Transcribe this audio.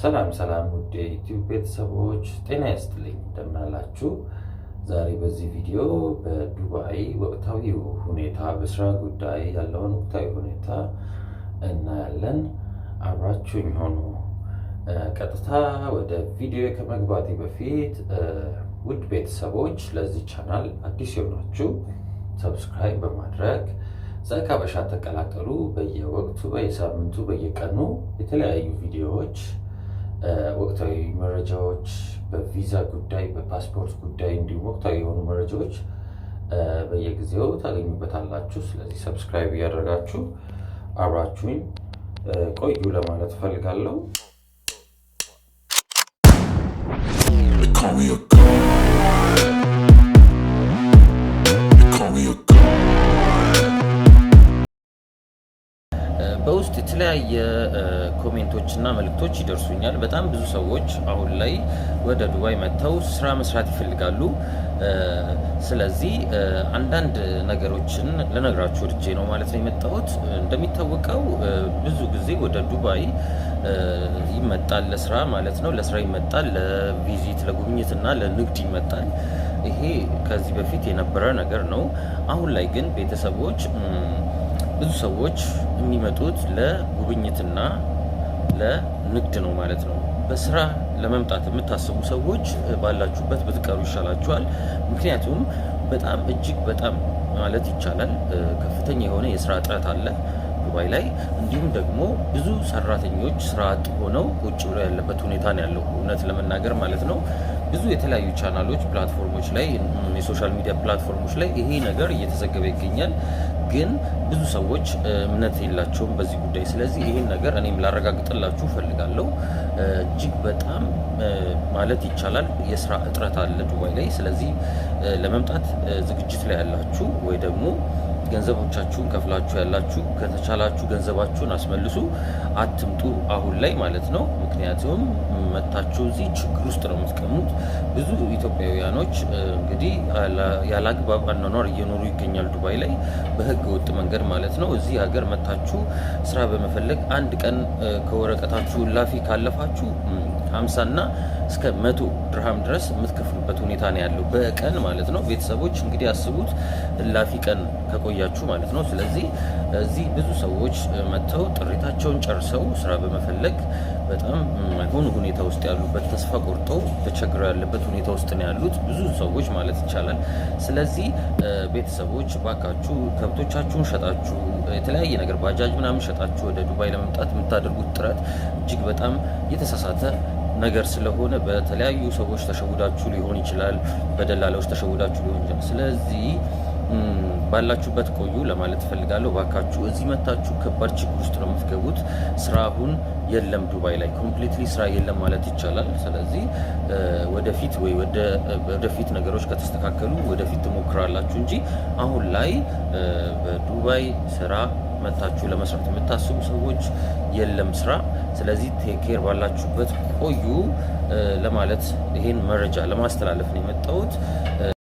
ሰላም ሰላም ውድ የዩቲዩብ ቤተሰቦች ጤና ይስጥልኝ፣ እንደምናላችሁ። ዛሬ በዚህ ቪዲዮ በዱባይ ወቅታዊ ሁኔታ በስራ ጉዳይ ያለውን ወቅታዊ ሁኔታ እናያለን። አብራችሁኝ ሆኑ። ቀጥታ ወደ ቪዲዮ ከመግባቴ በፊት ውድ ቤተሰቦች ለዚህ ቻናል አዲስ የሆናችሁ ሰብስክራይብ በማድረግ ዘካበሻ ተቀላቀሉ። በየወቅቱ በየሳምንቱ በየቀኑ የተለያዩ ቪዲዮዎች ወቅታዊ መረጃዎች፣ በቪዛ ጉዳይ፣ በፓስፖርት ጉዳይ እንዲሁም ወቅታዊ የሆኑ መረጃዎች በየጊዜው ታገኙበታላችሁ። ስለዚህ ሰብስክራይብ እያደረጋችሁ አብራችሁኝ ቆዩ ለማለት እፈልጋለሁ። በውስጥ የተለያየ ኮሜንቶችና መልእክቶች ይደርሱኛል። በጣም ብዙ ሰዎች አሁን ላይ ወደ ዱባይ መጥተው ስራ መስራት ይፈልጋሉ። ስለዚህ አንዳንድ ነገሮችን ልነግራችሁ ወድጄ ነው ማለት ነው የመጣሁት። እንደሚታወቀው ብዙ ጊዜ ወደ ዱባይ ይመጣል ለስራ ማለት ነው። ለስራ ይመጣል፣ ለቪዚት ለጉብኝት እና ለንግድ ይመጣል። ይሄ ከዚህ በፊት የነበረ ነገር ነው። አሁን ላይ ግን ቤተሰቦች ብዙ ሰዎች የሚመጡት ለጉብኝትና ለንግድ ነው ማለት ነው። በስራ ለመምጣት የምታስቡ ሰዎች ባላችሁበት ብትቀሩ ይሻላችኋል። ምክንያቱም በጣም እጅግ በጣም ማለት ይቻላል ከፍተኛ የሆነ የስራ እጥረት አለ ዱባይ ላይ። እንዲሁም ደግሞ ብዙ ሰራተኞች ስራ አጥ ሆነው ቁጭ ብሎ ያለበት ሁኔታ ነው ያለው እውነት ለመናገር ማለት ነው። ብዙ የተለያዩ ቻናሎች፣ ፕላትፎርሞች ላይ የሶሻል ሚዲያ ፕላትፎርሞች ላይ ይሄ ነገር እየተዘገበ ይገኛል። ግን ብዙ ሰዎች እምነት የላቸውም በዚህ ጉዳይ። ስለዚህ ይህን ነገር እኔም ላረጋግጥላችሁ ፈልጋለሁ። እጅግ በጣም ማለት ይቻላል የስራ እጥረት አለ ዱባይ ላይ። ስለዚህ ለመምጣት ዝግጅት ላይ ያላችሁ ወይ ደግሞ ገንዘቦቻችሁን ከፍላችሁ ያላችሁ ከተቻላችሁ ገንዘባችሁን አስመልሱ። አትምጡ አሁን ላይ ማለት ነው። ምክንያቱም መታችሁ እዚህ ችግር ውስጥ ነው የምትቀሙት። ብዙ ኢትዮጵያውያኖች እንግዲህ ያለአግባብ አኗኗር እየኖሩ ይገኛሉ። ዱባይ ላይ በህገ ወጥ መንገድ ማለት ነው። እዚህ ሀገር መታችሁ ስራ በመፈለግ አንድ ቀን ከወረቀታችሁ ላፊ ካለፋችሁ ሀምሳና እስከ መቶ ድርሃም ድረስ የምትከፍሉበት ሁኔታ ነው ያለው በቀን ማለት ነው። ቤተሰቦች እንግዲህ አስቡት ላፊ ቀን ከቆያችሁ ማለት ነው። ስለዚህ እዚህ ብዙ ሰዎች መጥተው ጥሪታቸውን ጨርሰው ስራ በመፈለግ በጣም የማይሆን ሁኔታ ውስጥ ያሉበት ተስፋ ቆርጠው ተቸግረው ያለበት ሁኔታ ውስጥ ነው ያሉት ብዙ ሰዎች ማለት ይቻላል። ስለዚህ ቤተሰቦች ባካችሁ ከብቶቻችሁን ሸጣችሁ የተለያየ ነገር ባጃጅ ምናምን ሸጣችሁ ወደ ዱባይ ለመምጣት የምታደርጉት ጥረት እጅግ በጣም የተሳሳተ ነገር ስለሆነ በተለያዩ ሰዎች ተሸውዳችሁ ሊሆን ይችላል፣ በደላላዎች ተሸውዳችሁ ሊሆን ይችላል። ስለዚህ ባላችሁበት ቆዩ ለማለት እፈልጋለሁ። ባካችሁ እዚህ መታችሁ ከባድ ችግር ውስጥ ነው የምትገቡት። ስራ አሁን የለም፣ ዱባይ ላይ ኮምፕሊትሊ ስራ የለም ማለት ይቻላል። ስለዚህ ወደፊት ወይ ወደፊት ነገሮች ከተስተካከሉ ወደፊት ትሞክራላችሁ እንጂ አሁን ላይ በዱባይ ስራ መታችሁ ለመስራት የምታስቡ ሰዎች የለም ስራ። ስለዚህ ቴኬር ባላችሁበት ቆዩ ለማለት ይሄን መረጃ ለማስተላለፍ ነው የመጣሁት።